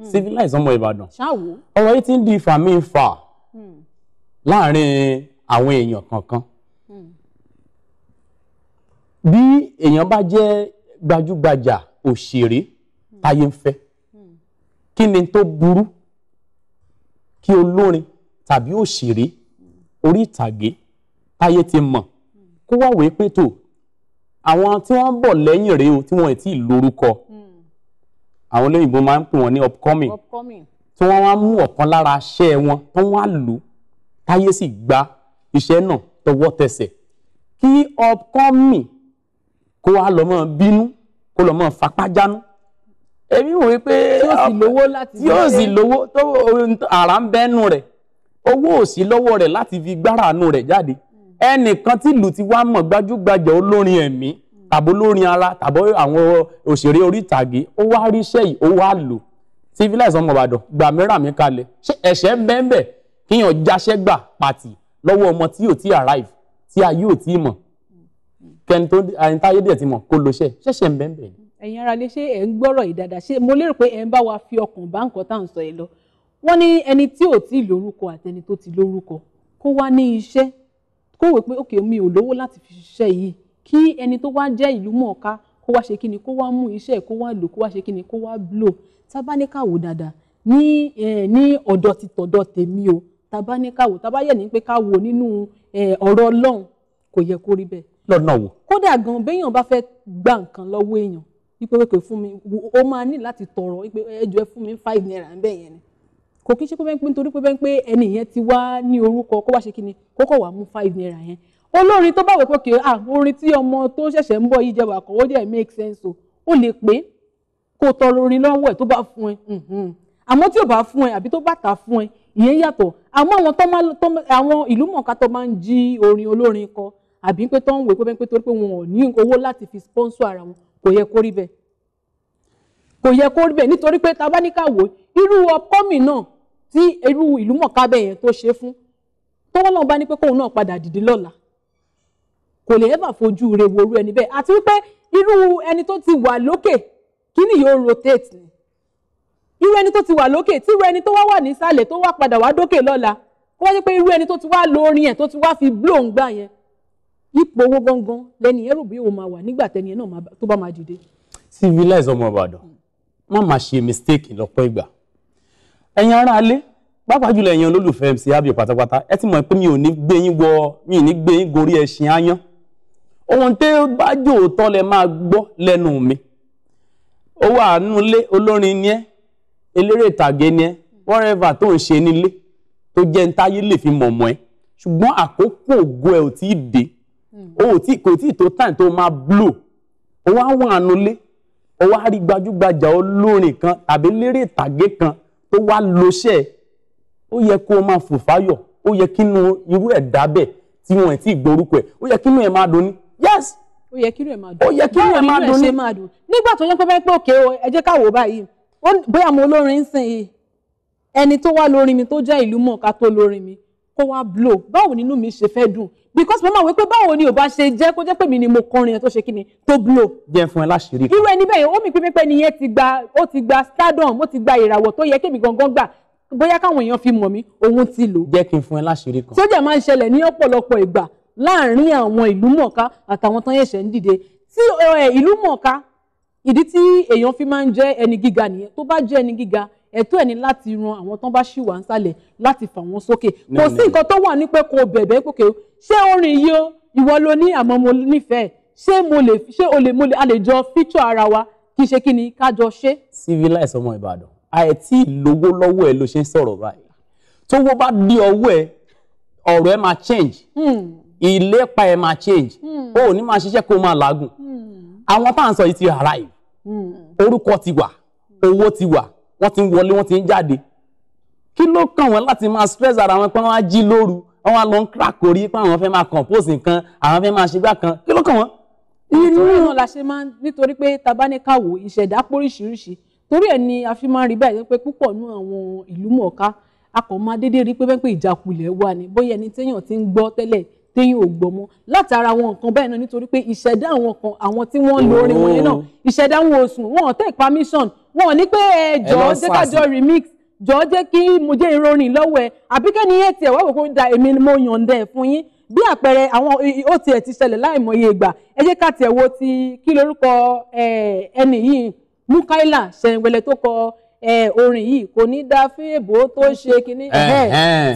Hmm. civilize ọmọ Ìbàdàn ọ̀rọ̀ yìí ti ń di ìfà mi ń fà hmm. láàrin àwọn èèyàn kankan hmm. bí èèyàn bá jẹ́ gbajúgbajà òṣèré táyé ń fẹ́ kí ni tó burú kí olórin tàbí òṣèré orí ìtàgé táyé ti mọ̀ kó wá wèé pé tó àwọn tí wọ́n ń bọ̀ rèé o tí wọ́n ti lórúkọ àwọn olóyìnbó máa ń pè wọ́n ní upcoming tí wọ́n wá mú ọ̀kan lára aṣẹ́ wọn tó wá lò táyé sì gba iṣẹ́ náà tọwọ́ tẹsẹ̀ kí upcoming kó wá lọ mọ́ bínú kó lọ mọ́ fapájánú èmi wò wípé yóò sì lówó tó àrà ń bẹ́nu rẹ̀ owó ò sí lọ́wọ́ rẹ̀ láti fi gbára àánú rẹ̀ jáde hmm. ẹnìkan tí ìlú ti wá mọ̀ gbajúgbajà olórin ẹ̀mí tàbí olórin ara tàbí àwọn òṣèré orí ìtàgé ó wá rí iṣẹ́ yìí ó wá lò civilize ọmọ Ìbàdàn gbà mí rà mí kalẹ̀ ṣé ẹ̀ṣẹ̀ bẹ́ẹ̀ kíyàn jáṣẹ́ gbà pàtì lọ́wọ́ ọmọ tí yóò ti arrive tí a yóò ti mọ̀ kẹ́ni tó àyíntáyé dẹ̀ ti mọ̀ kó lo iṣẹ́ ṣẹ̀ṣẹ̀ bẹ́ẹ̀ ẹ̀yin ará lè ṣe ẹ̀ ń gbọ́rọ̀ ìdàdà ṣe mo lérò pé ẹ̀ ń bá wa fi ọkàn bá nǹkan tá à ń sọ yìí lọ wọ́n ní ẹni tí ò tí ì lórúkọ àtẹni tó ti lórúkọ kó wá ní iṣẹ́ kó wò pé òkè mi ò lówó láti fi ṣiṣẹ́ yìí kí ẹni tó wá jẹ́ ìlú mọ̀ọ́ká kó wá ṣe kí ni kó wá mú iṣẹ́ kó wá lò kó wá ṣe kí ni kó wá blow tábáníkàwò dáadáa ní ní ọ̀dọ̀ ti tọ̀dọ̀ tèmi o tábáníkàwò tábáyẹ̀ ní pé káwò nínú ọ̀rọ̀ ọlọ́run kò yẹ kó rí bẹ́ẹ̀. lọ́nà wo. kódà gan béèyàn bá fẹ́ gba nǹkan lọ́wọ́ èèyàn wípé wípé fún mi ó máa ní láti tọrọ wípé ẹjọ́ ẹ fún mi five naira ń bẹ̀ yẹn ni kò kí n ṣe pé bẹ́ẹ̀ pé nítorí pé bẹ́ẹ̀ pé ẹni yẹn ti wá ní orúkọ kó wá ṣe kí ni kókò wá mú five naira yẹn olórin tó bá wò pé kì í ah, orin tí ọmọ tó ṣẹ̀ṣẹ̀ ń bọ̀ yìí jẹ́ wàkọ̀ ó dẹ̀ make sense o ó lè pé kó o tọrọ orin lọ́wọ́ ẹ̀ tó bá fún ẹ mhm. àmọ́ tí ò bá fún ẹ àbí tó bá tà fún ẹ ìyẹn yàtọ̀ àmọ́ àwọn tó máa tó àwọn ìlú mọ̀ọ́ká tó máa ń jí orin olórin kọ àbí pé tó ń wò pé pé torí pé wọn ò ní owó láti fi sponsor ara wọn kò yẹ kó rí bẹ́ẹ̀ kò yẹ kó rí bẹ́ẹ̀ nítorí pé tá irú ọkọ́mì náà tí irú ìlú mọ̀ọ́ká bẹ́ẹ̀ yẹn tó ṣe fún tọ́wọ́ náà bá ní pé kóun náà padà dìde lọ́la kò lè ever fojú re worú ẹni bẹ́ẹ̀ àti wípé irú ẹni tó ti wà lókè kíni yóò rotate ni irú ẹni tó ti wà lókè tí irú ẹni tó wá wà nísàlẹ̀ tó wá padà wá dókè lọ́la kó wá jẹ́ pé irú ẹni tó ti wá lórin ẹ̀ tó ti wá fi blow ń gbà yẹn ipò owó gangan lẹ́ni ẹ̀rù bí ó máa wà nígbà tẹ́ni ẹ̀ náà tó bá máa dìde. civilize ọmọ Ìbàdàn má máa ṣe mistake lọ́pọ̀ ìgbà ẹ̀yin ará alẹ́ pàápàá jùlọ ẹ̀yin olólùfẹ́ MC Abio pátápátá ẹ ti mọ̀ pé mi ò ní gbé yín wọ mi ò ní gbé yín gorí ẹṣin áyán ohun tí ó bá jòótọ́ lẹ máa gbọ́ lẹ́nu mi ó wà nílé olórin ni ẹ́ eléré ìtàgé ni ẹ́ whatever tó ń ṣe nílé tó jẹ́ ń táyé lè fi mọ̀mọ́ ẹ ṣùgbọ́n àkókò ògo ẹ ò tí ì dé kò tí ì tó time tó máa blow ó wá wà nílé ó wá rí gbajúgbajà olórin kan tàbí eléré ìtàgé kan tó wá lọ́ṣẹ́ ó yẹ kó o máa fò fáyọ̀ ó yẹ kínú irú ẹ̀ dábẹ̀ tí wọn ẹ̀ tí ì gborúkọ ẹ̀ ó yẹ kínú ẹ̀ máa dùn yes. ó yẹ kí ló ẹ̀ máa dùn ó yẹ kí ló ẹ̀ máa dùn ní. nígbà tó yẹ pé pé òkè o ẹ jẹ́ ká wò báyìí bóyá mo olórin ń sìn yìí ẹni tó wá lórin mi tó jẹ́ ìlú mọ̀ọ́ká tó lórin mi kó wá blow báwo nínú mi ṣe fẹ́ dùn because mo máa wí pé báwo ni ò bá ṣe jẹ́ kó jẹ́ pé mi ni mo kọrin ẹ̀ tó ṣe kíni tó blow. jẹ́ fún ẹ láṣìírí. irú ẹni bẹ́ẹ̀ ó mi pípẹ́ nìyẹn ti gba ó ti gba stardom ó ti gba ìràwọ̀ tó yẹ kémi gangan gbà bóyá káwọn èèyàn fi mọ̀ mí òun ti lò. jẹ́ kí n fún ẹ láṣìírí kan. sójà máa ń ṣẹlẹ̀ ní ọ̀pọ̀lọpọ̀ ìgbà láàrin àwọn ìlú mọ̀ọ́ká àtàwọn tán ẹ̀ṣẹ̀ ń dìde tí ìlú mọ̀ọ́ká ìdí tí èèyàn fi máa ń jẹ́ ẹni gíga nìyẹn tó bá jẹ́ ẹni gíga ẹ̀tọ́ ẹ̀ ní láti ran àwọn tán bá ṣì wà ń sálẹ̀ láti fà wọ́n sókè kò sí nǹkan tó wà ní pé kò bẹ̀bẹ̀ pòkè o ṣé orin yìí o ìwọ ló ní àmọ́ mo nífẹ̀ẹ́ ṣé mo lè ṣé o lè mo lè a lè jọ fíjọ ara wa kì í ṣe kí ni ká jọ ṣe. civilize ọmọ Ìbàdàn àìtí ìlówó lọ́wọ́ ẹ ló ṣe ń sọ̀rọ̀ báyìí tówó bá dé ọwọ́ ẹ ọ̀rọ̀ ẹ máa change. Hmm ìlépa ẹ̀ máa change hmm. o ò ní máa ṣiṣẹ́ kó máa làágùn hmm. àwọn tá à ń sọ yìí ti arrive hmm. orúkọ ti wà owó ti wà wọ́n ti ń wọlé wọ́n ti ń jáde kí ló kàn wọ́n láti máa stress ara wọn pé wọ́n á jí lóru wọ́n á lọ ń crack pé àwọn fẹ́ máa compose nǹkan àwọn fẹ́ máa ṣe gbá kan kí ló kàn wọ́n. inú ìran la ṣe máa ń nítorí pé tabaníkàwò ìṣẹ̀dá póríṣiríṣi torí ẹ̀ ni a fi máa ń rí báyìí pé púpọ̀ nú àwọn ìlú mọ̀ọ́ká a kàn máa déédéé rí pé bẹ́ẹ̀ pé ìjákulẹ̀ wà ní bóyá ẹni téèyàn ti ń gbọ́ tẹ́lẹ̀ téyìn ò gbọ́ mọ́ látara àwọn nǹkan bẹ́ẹ̀ náà nítorí pé ìṣẹ̀dá àwọn kan àwọn tí wọ́n lo orin wọ̀nyẹn náà ìṣẹ̀dá wọn ò wọn ò take permission wọn ò ní pé ẹ jọ̀ọ́ jẹ́ ká jọ remix jọ̀ọ́ jẹ́ kí mo jẹ́ ìròyìn lọ́wọ́ ẹ àbí kẹ́ni yẹn tiẹ̀ wá wò pé da èmi mo yànda ẹ̀ fún yín bí àpẹẹrẹ àwọn ó tiẹ̀ ti ṣẹlẹ̀ láìmọye ìgbà ẹ jẹ́ ká tiẹ̀ wo ti kí lorúkọ ẹni yìí Mukaila Ṣẹ̀ǹwẹ̀lẹ̀ tó kọ orin yìí kò ní dá fún èbó tó ṣe kínní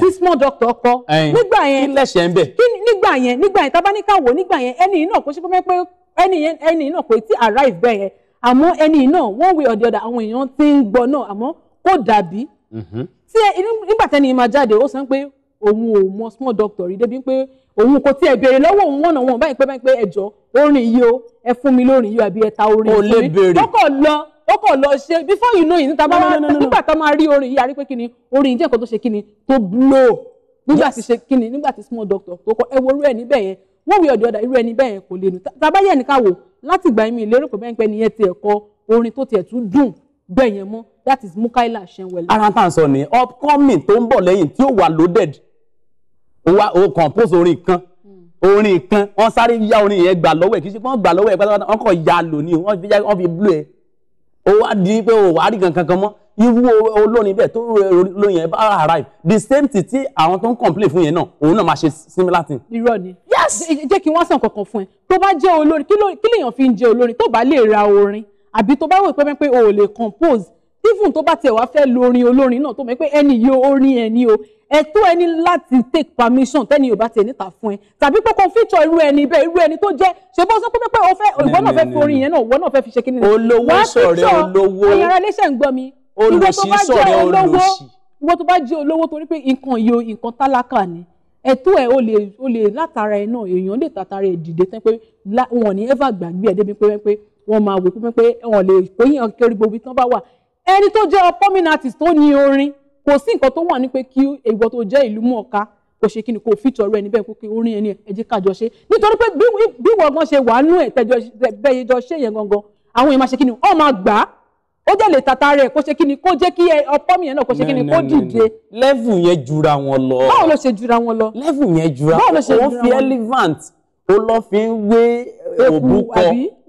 tí small doctor kọ nígbà yẹn kí lẹsẹ ń bẹ nígbà yẹn nígbà yẹn tábáníkàwò nígbà yẹn ẹni yìí náà kò ṣe pé pé ẹni yẹn ẹni yìí náà kò tí arrive bẹ́ẹ̀ yẹn àmọ́ ẹni yìí náà one way or the other àwọn èèyàn ti ń gbọ́ náà àmọ́ kò dàbí mm-hmm. tí nígbà tẹ́ni yìí máa jáde ó sọ pé òun ò mọ small doctor rí débi pé òun kò tiẹ̀ béèrè lọ́wọ́ òun wọ̀nà wọn báyìí pé báyìí pé ẹ̀jọ̀ orin yìí o ẹ fún mi lórin yìí àbí ẹ ta orin yìí lọ́kọ̀ lọ ó kàn lọ ṣe before you know it níta bá wá nígbà tá máa rí orin yìí a rí pé kíni orin jẹ́ nǹkan tó ṣe kíni tó blow nígbà tí ṣe kíni nígbà tí small doctor tó kọ ẹ wo irú ẹ níbẹ̀ yẹn wọ́n wí ọ̀dọ̀ ọ̀dà irú ẹ níbẹ̀ yẹn kò lè nù tá bá yẹ̀ níkà wò láti gbà mí lérò pé bẹ́ẹ̀ pẹ́ nìyẹn ti ẹ̀kọ́ orin tó tiẹ̀ tún dùn bẹ́ẹ̀ yẹn mọ́ that is Mukaila Shenwele. ara tá à ń sọ ni upcoming tó ń bọ̀ lẹ́yìn tí ó wà loaded ó wá ó compose orin kan hmm. orin kan wọ́n sáré yá orin yẹn gbà lọ́wọ́ ẹ̀ kì í ṣe pé wọ́n gbà lọ́wọ́ ẹ̀ pátápátá wọ́n kàn ya lò wọ́n fi blue ẹ̀ ó wá di pé ó wá rí kankan kan mọ́ irú olórin bẹ́ẹ̀ tó lóyún ẹ bá arrive the same thing tí àwọn tó ń complain fún yẹn náà òun náà máa ṣe similar thing. irọ́ ni yes jẹ́ kí wọ́n sàn kankan fún ẹ tó bá jẹ́ olórin kí lèèyàn fi ń jẹ́ olórin tó bá lè ra orin àbí tó bá wò pé pé o ò lè compose even tó bá tiẹ̀ wá fẹ́ lo orin olórin náà tó mọ̀ pé ẹni yìí orin ẹni o ẹ̀tọ́ ẹni láti take permission tẹ́ni yorùbá tiẹ̀ níta fún ẹ tàbí pé kò fíjọ irú ẹni bẹ́ẹ̀ irú ẹni tó jẹ́ ṣe bọ́ sọ pé pé o fẹ́ ìwọ náà fẹ́ fi orin yẹn náà ìwọ náà fẹ́ fi ṣe kí ni. olówó sọ̀rẹ́ olówó ayára léṣẹ̀ ń gbọ́ mi ìwọ tó bá jẹ́ olówó ìwọ tó bá jẹ́ olówó torí pé nǹkan yo nǹkan tálákà ni ẹ̀tọ́ ẹ o lè o lè látara ẹ náà èèyàn lè tàtara ẹ dìde tán pé wọn ò ever gbàgbé ẹ débi pé wọn máa wò pé wọn lè kóyìn kiri tán bá wà ẹni tó jẹ́ prominent artist tó ní orin kò sí nǹkan tó wà ní pé kí ìwọ tó jẹ́ ìlú mọ̀ọ́ká kò ṣe kí ni kò fìtọ̀ rẹ níbẹ̀ kó kí orin ẹni ẹ jẹ́ kájọ ṣe nítorí pé bí wọ́n gan ṣe wà nú ẹ̀ tẹ́jọ bẹ́ẹ̀ jọ ṣe yẹn gangan àwọn èèyàn máa ṣe kí ni ọ̀ máa gbà á ó dẹ̀ lè tata rẹ̀ kó ṣe kíni kó jẹ́ kí ọ̀pọ̀ mi yẹn náà kó ṣe kíni kó dìde. lẹ́fù yẹn jura wọn lọ. báwo ló ṣe jura wọn lọ. lẹ́fù yẹn jura báwo ló ṣe jura wọn lọ. wọ́n fi elephant ó lọ fi wé òbúkọ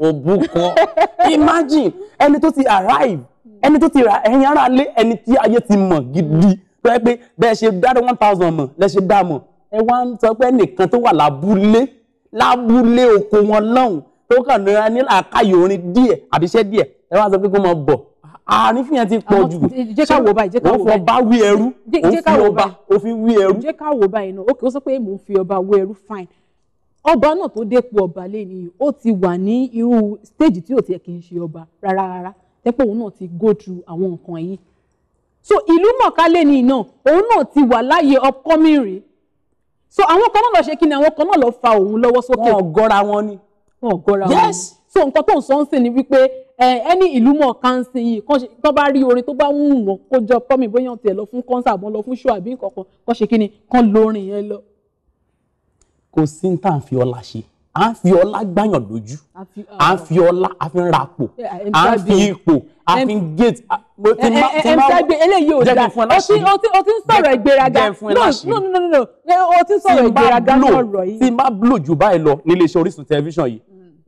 òbúkọ imagine ẹni tó ti arrive ẹni tó ti rà ẹ̀yin ara lé ẹni tí ayé ti mọ̀ gidi tó yẹ pé bẹ́ẹ̀ ṣe dá one thousand mọ̀ lẹ́ ṣe dá mọ̀ ẹ wá ń sọ pé ẹnìkan tó wà lábúlé lábúlé oko wọn lọ́hùn tó kàn nira ní àkáyò orin díẹ̀ àbíṣẹ́ díẹ̀ ẹ wá sọ pé kó mọ bọ̀ àárín fìyàn ti pọ̀ jù wọ́n fọ ọba wí ẹrú òun fi òfin wí ẹrú. jẹ́ ká wò báyìí náà ó sọ pé mò ń fi ọba wí ẹrú fine ọba náà tó dépò ọba ni ó ti wà ní irú stage tí ò tiẹ̀ kì í ṣe ọba rárá rárá tẹ́pọ̀ òun náà ti go through àwọn nǹkan yìí so ìlú mọ̀kálẹ̀ ni iná òun náà ti wà láàyè upcoming rèé so àwọn kan náà lọ ṣe kí ni àwọn kan náà lọ fa òun lọ́wọ́ sókè wọn ò wọn ni wọn ò wọn yes so nǹkan tó ń sọ ń sìn ni wípé ẹni ìlú mọ̀ọ́ká ń sìn yìí tó bá rí orin tó bá ń wù wọ́n kó jọ pọ́mì bóyá ọ̀tí ẹ̀ lọ fún kọ́ńsà àbọ̀ lọ fún ṣó àbí nǹkan kan kọ́ ṣe kí ni kán lórin yẹn lọ. kò sí ní tá à ń fi ọlá ṣe à ń fi ọlá gbáyàn lójú à ń fi ọlá à fi ń ra pò à ń fi ipò à fi ń gate. ẹ̀ẹ́dẹ́gbẹ̀ eléyìí ò dáa o ti ń sọ̀rọ̀ ìgbéraga no no no no o ti ń sọ̀rọ̀ ìgbéraga sọ̀rọ̀ yìí. tí n bá blow jù báyìí lọ nílé iṣẹ́ Orísun tẹlifíṣàn yìí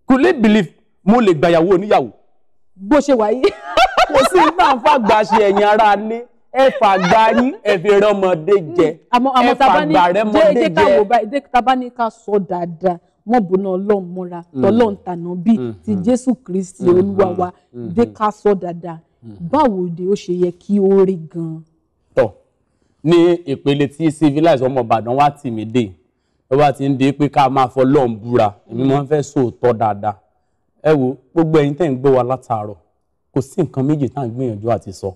kò mm. lè believe mo lè gbàyàwó oníyàwó. bó ṣe wà yìí. kò sí iná fàgbà ṣe ẹ̀yìn ara lé ẹ fàgbà yín ẹ fi rọmọdé jẹ ẹ fàgbà rẹmọdé jẹ. àmọ́ àmọ́ tabani jẹ́ ká wò báyìí tabani ká sọ dáadáa mọ́ bùnà ọlọ́run mọ́ra mm. tọ́lọ́run tànà bíi mm. ti mm. jésù kristi olúwa wa dé ká sọ dáadáa báwo ni ó ṣe yẹ kí ó rí gan-an. tọ ní ìpele tí civilize ọmọ ìbàdàn wa tì mí dé ló bá ti ń di pé ká máa fọlọ́run búra èmi máa ń fẹ́ sóòótọ́ dáadáa ẹ wo gbogbo ẹ̀yin tẹ́ ń gbọ́ wa látàárọ̀ kò sí nǹkan méjì tá à ń gbìyànjú àti sọ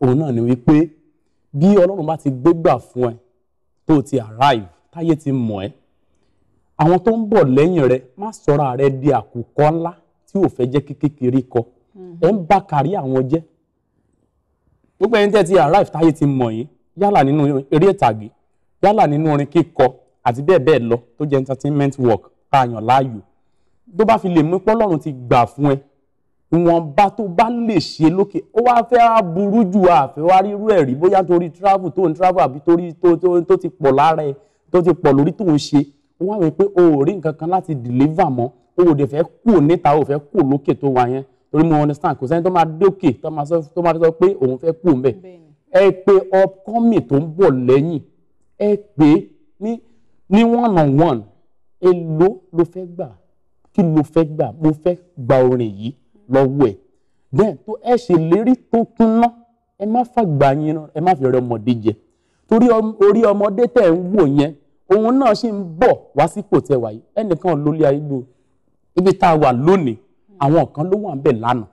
òun náà ni wípé bí ọlọ́run bá ti gbégbà fún ẹ tó ti arrive táyé ti mọ̀ ẹ́ àwọn tó ń bọ̀ lẹ́yìn rẹ má sọra rẹ di àkùkọ ńlá tí ò fẹ́ jẹ́ kékeré kọ ẹ̀ ń bá kárí àwọn jẹ́ gbogbo ẹni tẹ́ ti arrive táyé ti mọ̀ yín yálà nínú eré ìtàgé yálà nínú orin kíkọ àti bẹ́ẹ̀ bẹ́ẹ̀ lọ tó jẹ́ entertainment work pààyàn láàyò tó bá fi lè mú pọ́lọ́run ti gbà fún ẹ ìwọ̀nba tó bá lè ṣe lókè ó wá fẹ́ á burú jù àfẹ́ wá rírú ẹ̀ rí bóyá torí travel tó ń travel àbí torí tó ti pọ̀ lára ẹ tó ti pọ̀ lórí tó ń ṣe wọ́n á rò pé o ò rí nǹkan kan láti deliver mọ́ o ò dẹ̀ fẹ́ kú níta o ò fẹ́ kú lókè tó wà yẹn torí mo understand kò sẹ́ni tó máa dókè tó máa sọ pé òun fẹ́ kú mbẹ̀ ẹ pé upcoming tó ń bọ̀ lẹ́yìn ẹ pé ní ní one on one èló ló fẹ́ gbà kí ló fẹ́ gbà mo fẹ́ gba orin yìí lọ́wọ́ ẹ̀ then tó ẹ ṣèlérí tó kúnná ẹ má fàgbà yín ẹ má fi rẹ ọmọdé jẹ torí orí ọmọdé tẹ̀ ń wò yẹn òun náà ṣì ń bọ̀ wá sípò tẹwà yìí ẹnìkan lólé ayégbò ibi tá a wà lónìí àwọn kan ló wà ń bẹ̀ lánàá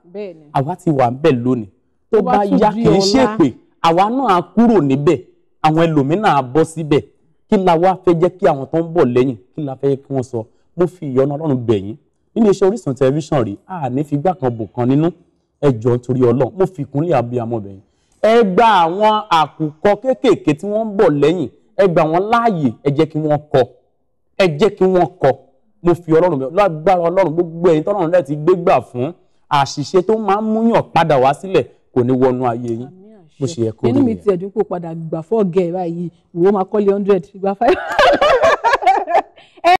àwa ti wà ń bẹ̀ lónìí tó bá yá kì í ṣèpè àwa náà kúrò níbẹ̀ àwọn ẹlòmíràn á bọ́ síbẹ̀ kí la wá fẹ́ jẹ́ kí àwọn tó ń bọ̀ lẹ́yìn kí la fẹ́ kí wọ́n sọ mo fi ìyọ́nú ọlọ́run bẹ̀ yín nínú iṣẹ́ Orísun tẹlifíṣàn rí a ní fi gbà kan bò kan nínú ẹjọ́ torí ọlọ́run mo fi ìkúnlẹ̀ abiyamọ bẹ̀ ẹ gba àwọn àkùkọ kéékèèké tí wọ́n ń bọ̀ lẹ́yìn ẹ gbà wọ́n láàyè ẹ jẹ́ kí wọ́n kọ ẹ jẹ́ kí wọ́n kọ mo fi ọlọ́run bẹ̀ lágbára ọlọ́run gbogbo ẹni tọ́lọ́run rẹ̀ ti gbégbà fún àṣìṣe tó máa ń múyàn padà wá sílẹ̀ kò ní wọnú ayé yín bó ṣe yẹ kó rí yẹn. nínú mi ti ẹ̀dínkù padà gbà fọ́ọ̀gẹ̀ báyìí ìwọ máa kọ́lé hundred gbà five.